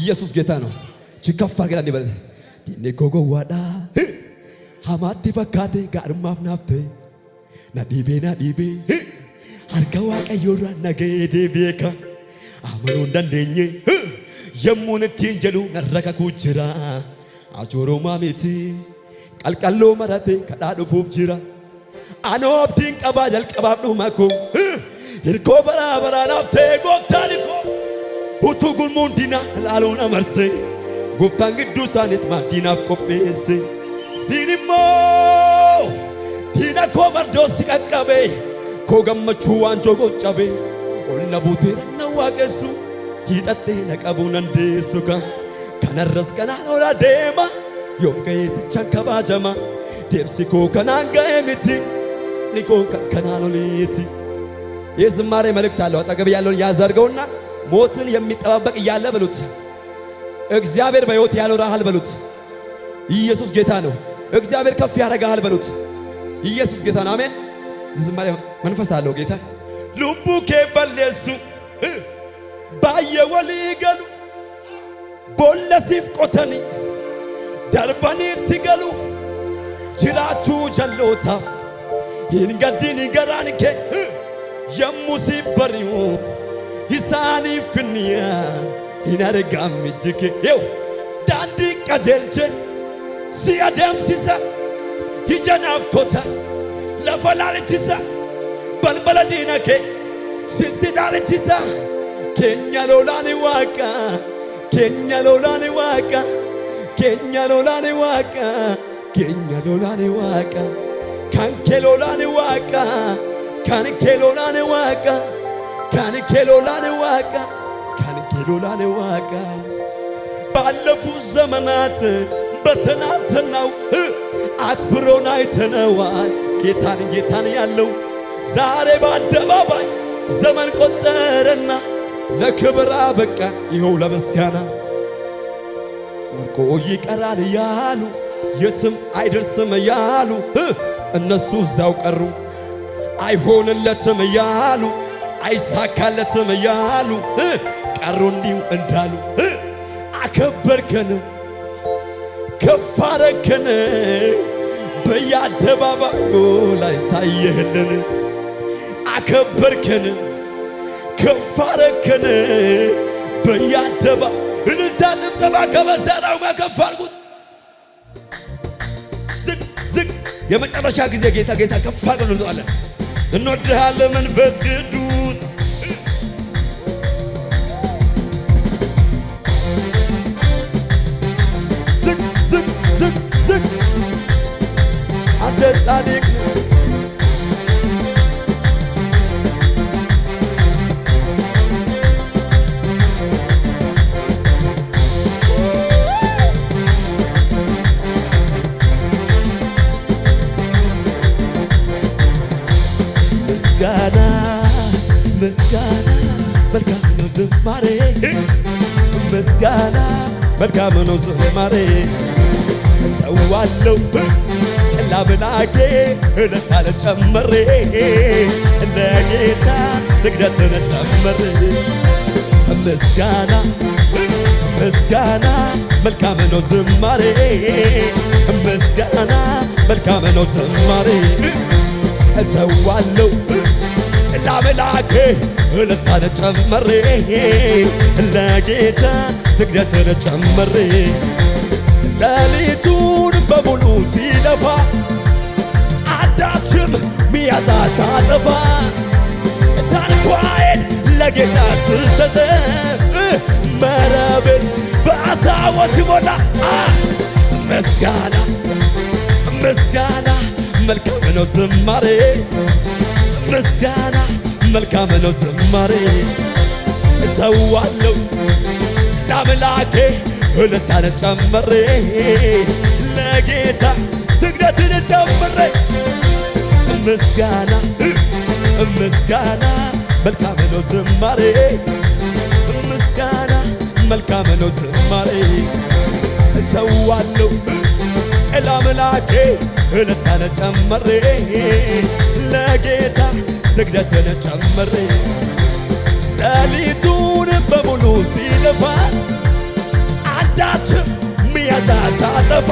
ኢየሱስ ጌታ ነው። ችከፍ አርገና እንዲበለ ዲኔኮጎዋዳ ሀማቲ ፈካቴ ጋርማፍ ናፍቴ ናዲቤ ናዲቤ አርጋ ዋቀዮራ ነገዴ ቤካ አመኖ እንዳንደኘ የሙንቴ እንጀሉ ነረከ ኩጅራ አቾሮ ማሜቲ ቀልቀሎ መረቴ ከዳዱፉፍ ጅራ አኖብዲን ቀባ ጀልቀባብ ዱመኮ ሂርኮ በራበራ ናፍቴ ጎብቴ gurmuun diinaa ilaaluun amarsee gooftaan gidduu isaaniit maaddiinaaf qopheesse siin immoo diina koo mardoosi qaqqabe koo gammachuu waan jogoo cabe ol na buuteera na waaqessu hidhattee na qabu nan deessu ka kanarras kanaan ola deema yoom ga'eessichaan kabaajama deebsi koo kanaan ga'e miti ni koo kanaan oliiti ይህ ዝማሬ መልእክት አለው። አጠገብ ያለውን ያዘርገውና ሞትን የሚጠባበቅ እያለ በሉት እግዚአብሔር በሕይወት ያኖርሃል በሉት። ኢየሱስ ጌታ ነው። እግዚአብሔር ከፍ ያደርግሃል በሉት። ኢየሱስ ጌታ ነው። አሜን። ዝማሬ መንፈስ አለው ጌታ ልቡ ከበለሱ ባየ ወሊገሉ ቦለሲፍ ቆተኒ ደርበኒ ትገሉ ጅራቱ ጀሎታ ይንገዲን ገራንኬ የሙሲ በሪው isaaniiffinniya hin argamu jike yoo daandii qajeelche si adeemsisa ija naaftota lafa laalchisa balbala diina kee sisi laalchisa keenya lolaani waaqa keenya lolaani waaqa keenya lolaani waaqa keenya lolaani waaqa kan kee lolaani waaqa kan kee lolaani waaqa. kan keloላን ዋቃ kan keloላን ዋቃ ባለፉት ዘመናት በትናንትናው አክብሮን አይተነዋል ጌታን ጌታን ያለው ዛሬ በአደባባይ ዘመን ቆጠረና ለክብራ በቃ ይኸው ለምስጋና ወርቆ ይቀራል ያሉ የትም አይደርስም ያሉ እነሱ እዛው ቀሩ አይሆንለትም ያሉ አይሳካለትም እያሉ ቀሩ እንዲሁ እንዳሉ አከበርከን፣ ከፍ አረከን፣ በየአደባባዩ ላይ ታየህልን። አከበርከን፣ ከፍ አረከን፣ በየአደባ እንዳ ከመሳሪያው ጋር ከፍ አድርጉት። ዝቅ ዝቅ የመጨረሻ ጊዜ ጌታ ጌታ ከፍ አድርገን እንወጣለን። እንወድሃለን መንፈስ ቅዱስ ጻድቅ ምስጋና ምስጋና መልካም ነው ዝማሬ ምስጋና መልካም ላብላጌ እልልታን ጨምሬ ለጌታ ስግደትን ጨምሬ ምስጋና ምስጋና መልካም ነው ዝማሬ ምስጋና መልካም ነው ዝማሬ እሰዋለሁ ላምላኬ እልልታን ጨምሬ ለጌታ ስግደትን ጨምሬ ሌሊቱን በሙሉ ሲለፋ አዳችም ሚያዛ ሳጠፋ ታንኳዬን ለጌታ ስሰጠ መረቤን በአሳዎች ሞላ ምስጋና ምስጋና መልካም ነው ዝማሬ ምስጋና መልካም ነው ዝማሬ እሰዋለሁ ላምላኬ ሁለታን ጨምሬ ለጌታ ስግደትን ጨምሬ ምስጋና ምስጋና መልካም ነው ዝማሬ ምስጋና መልካም ነው ዝማሬ እሰዋለሁ ለአምላኬ ሁለታን ጨምሬ ለጌታ ስግደትን ጨምሬ ለሊ ለጌታ ሳጠፋ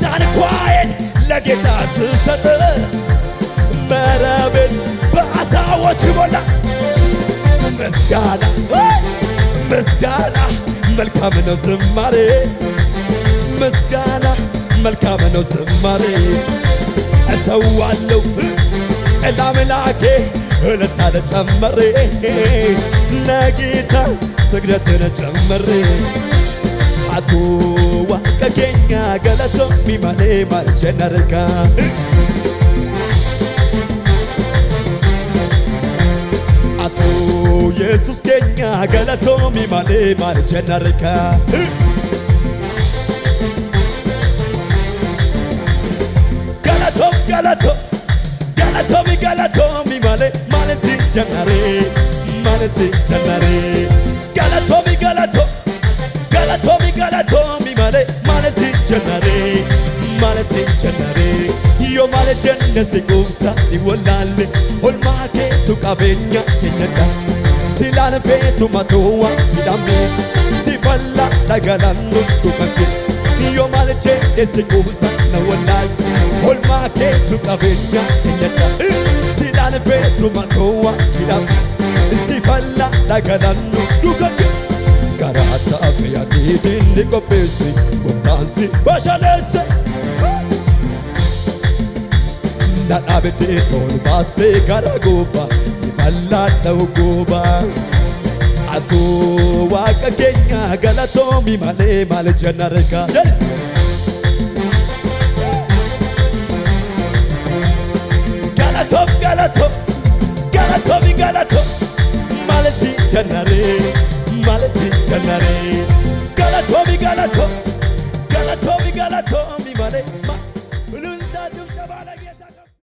ታንኳዬን ለጌታ ስሰጥ መረቤን በአሳዎች ሞላ። ምስጋና ምስጋና መልካም ነው ዝማሬ ምስጋና መልካም ነው ዝማሬ እሰዋለሁ ለአምላኬ እልልታ ጨምሬ ለጌታ ስግደትን ጨምሬ Kaatoo keenya galatoomii malee maal jenna argaa. Atoo Yesuus keenya galatoomii malee maal jenna argaa. Galatoom galatoom galatoomi galatoomi malee maal si jennaree maal si jennaree. Tomi gala tomi male male sincenare male sincenare Io male genne si gumsa di volale Olma che tu cabegna che ne sa Si la ne fetu matua si da me Si falla da galando tu cacchino Io male genne si gumsa na volale Olma che tu cabegna che ne sa Si la ne fetu matua si da me Si falla da galando tu cacchino safi akidi ndiko pesi mkazi fashanese dadhabete toon baastee gara gooba iballadha ogooba atoo waaqa keenya galatoomi malee maal jannareka galatoof galatoof ገነሬ ገለቶሚ ገለቶ